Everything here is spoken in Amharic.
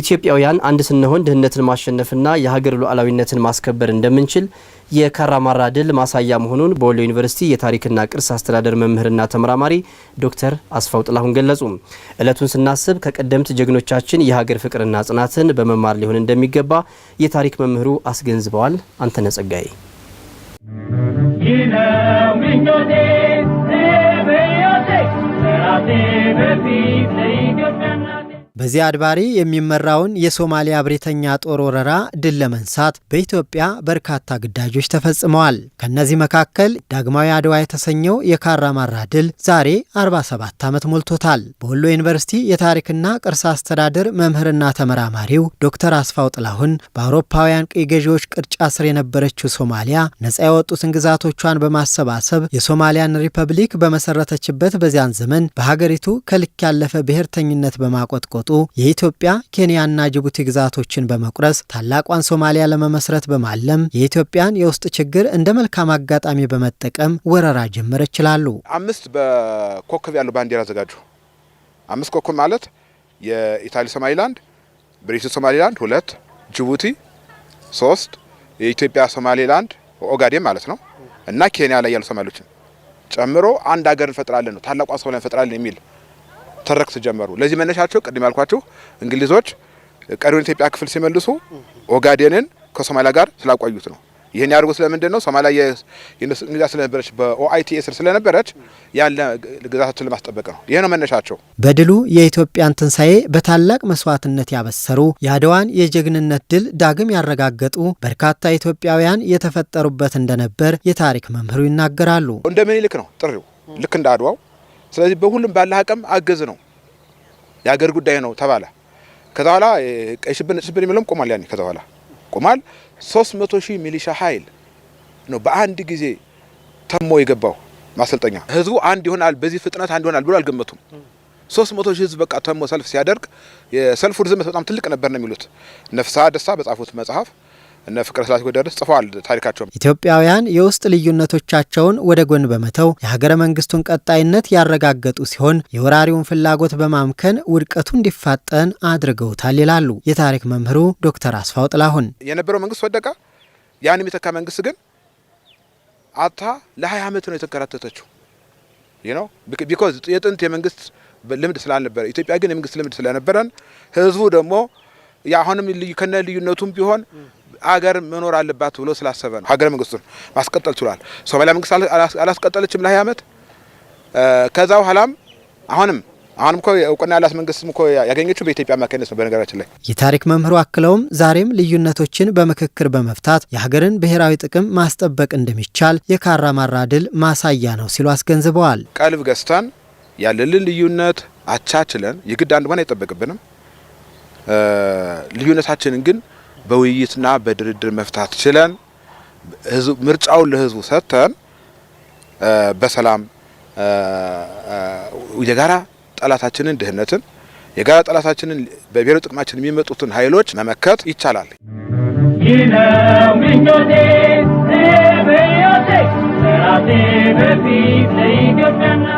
ኢትዮጵያውያን አንድ ስንሆን ድህነትን ማሸነፍና የሀገር ሉዓላዊነትን ማስከበር እንደምንችል የካራማራ ድል ማሳያ መሆኑን በወሎ ዩኒቨርሲቲ የታሪክና ቅርስ አስተዳደር መምህርና ተመራማሪ ዶክተር አስፋው ጥላሁን ገለጹ። ዕለቱን ስናስብ ከቀደምት ጀግኖቻችን የሀገር ፍቅርና ጽናትን በመማር ሊሆን እንደሚገባ የታሪክ መምህሩ አስገንዝበዋል። አንተነህ በዚያ አድባሪ የሚመራውን የሶማሊያ ብሬተኛ ጦር ወረራ ድል ለመንሳት በኢትዮጵያ በርካታ ግዳጆች ተፈጽመዋል። ከእነዚህ መካከል ዳግማዊ አድዋ የተሰኘው የካራ ማራ ድል ዛሬ 47 ዓመት ሞልቶታል። በወሎ ዩኒቨርሲቲ የታሪክና ቅርስ አስተዳደር መምህርና ተመራማሪው ዶክተር አስፋው ጥላሁን በአውሮፓውያን ቅኝ ገዢዎች ቅርጫ ስር የነበረችው ሶማሊያ ነጻ የወጡትን ግዛቶቿን በማሰባሰብ የሶማሊያን ሪፐብሊክ በመሰረተችበት በዚያን ዘመን በሀገሪቱ ከልክ ያለፈ ብሔርተኝነት በማቆጥቆጥ ሲመጡ የኢትዮጵያ ኬንያና ጅቡቲ ግዛቶችን በመቁረስ ታላቋን ሶማሊያ ለመመስረት በማለም የኢትዮጵያን የውስጥ ችግር እንደ መልካም አጋጣሚ በመጠቀም ወረራ ጀመር ይችላሉ። አምስት በኮከብ ያሉ ባንዲራ አዘጋጁ። አምስት ኮከብ ማለት የኢታሊ ሶማሊላንድ፣ ብሪቲሽ ሶማሊላንድ ሁለት፣ ጅቡቲ ሶስት፣ የኢትዮጵያ ሶማሊላንድ ኦጋዴን ማለት ነው እና ኬንያ ላይ ያሉ ሶማሌዎችን ጨምሮ አንድ ሀገር እንፈጥራለን ነው ታላቋ ሶማሊያ እንፈጥራለን የሚል ተረክት ጀመሩ። ለዚህ መነሻቸው ቅድም ያልኳችሁ እንግሊዞች ቀሪውን ኢትዮጵያ ክፍል ሲመልሱ ኦጋዴንን ከሶማሊያ ጋር ስላቆዩት ነው። ይህን ያደርጉት ስለምንድን ነው? ሶማሊያ እንግሊዝ ስለነበረች በኦአይቲኤ ስር ስለነበረች ያለ ግዛታችን ለማስጠበቅ ነው። ይህ ነው መነሻቸው። በድሉ የኢትዮጵያን ትንሣኤ በታላቅ መስዋዕትነት ያበሰሩ የአድዋን የጀግንነት ድል ዳግም ያረጋገጡ በርካታ ኢትዮጵያውያን የተፈጠሩበት እንደነበር የታሪክ መምህሩ ይናገራሉ። እንደ ምኒልክ ነው ጥሪው ልክ እንደ አድዋው ስለዚህ በሁሉም ባለ አቅም አገዝ ነው የአገር ጉዳይ ነው ተባለ። ከዛ በኋላ ቀይ ሽብር ሽብር የሚለውም ቆሟል። ያኔ ከዛ በኋላ ቆሟል። መቶ ሺህ ሚሊሻ ኃይል ነው በአንድ ጊዜ ተሞ የገባው ማሰልጠኛ። ህዝቡ አንድ ይሆናል በዚህ ፍጥነት አንድ ይሆናል ብሎ አልገመቱም። መቶ ሺህ ህዝብ በቃ ተሞ ሰልፍ ሲያደርግ የሰልፉ ርዝመት በጣም ትልቅ ነበር ነው የሚሉት ነፍሳ ደስታ በጻፉት መጽሐፍ እነ ፍቅረ ስላሴ ጎደርስ ጽፏል ታሪካቸውን። ኢትዮጵያውያን የውስጥ ልዩነቶቻቸውን ወደ ጎን በመተው የሀገረ መንግስቱን ቀጣይነት ያረጋገጡ ሲሆን የወራሪውን ፍላጎት በማምከን ውድቀቱ እንዲፋጠን አድርገውታል ይላሉ የታሪክ መምህሩ ዶክተር አስፋው ጥላሁን። የነበረው መንግስት ወደቀ። ያን የሚተካ መንግስት ግን አታ ለ20 ዓመት ነው የተንከራተተችው ነው ቢኮዝ የጥንት የመንግስት ልምድ ስላልነበረ ኢትዮጵያ ግን የመንግስት ልምድ ስለነበረን ህዝቡ ደግሞ አሁንም ከነ ልዩነቱም ቢሆን አገር መኖር አለባት ብሎ ስላሰበ ነው ሀገረ መንግስቱን ማስቀጠል ችሏል። ሶማሊያ መንግስት አላስቀጠለችም ለሀያ ዓመት። ከዛ በኋላም አሁንም አሁንም እኮ እውቅና ያላት መንግስትም እኮ ያገኘችው በኢትዮጵያ አማካኝነት ነው። በነገራችን ላይ የታሪክ መምህሩ አክለውም ዛሬም ልዩነቶችን በምክክር በመፍታት የሀገርን ብሔራዊ ጥቅም ማስጠበቅ እንደሚቻል የካራ ማራ ድል ማሳያ ነው ሲሉ አስገንዝበዋል። ቀልብ ገዝተን ያለልን ልዩነት አቻችለን የግድ አንድ መሆን አይጠበቅብንም። ልዩነታችንን ግን በውይይትና በድርድር መፍታት ችለን ምርጫውን ለህዝቡ ሰጥተን በሰላም የጋራ ጠላታችንን ድህነትን የጋራ ጠላታችንን በብሔራዊ ጥቅማችን የሚመጡትን ኃይሎች መመከት ይቻላል። ይህ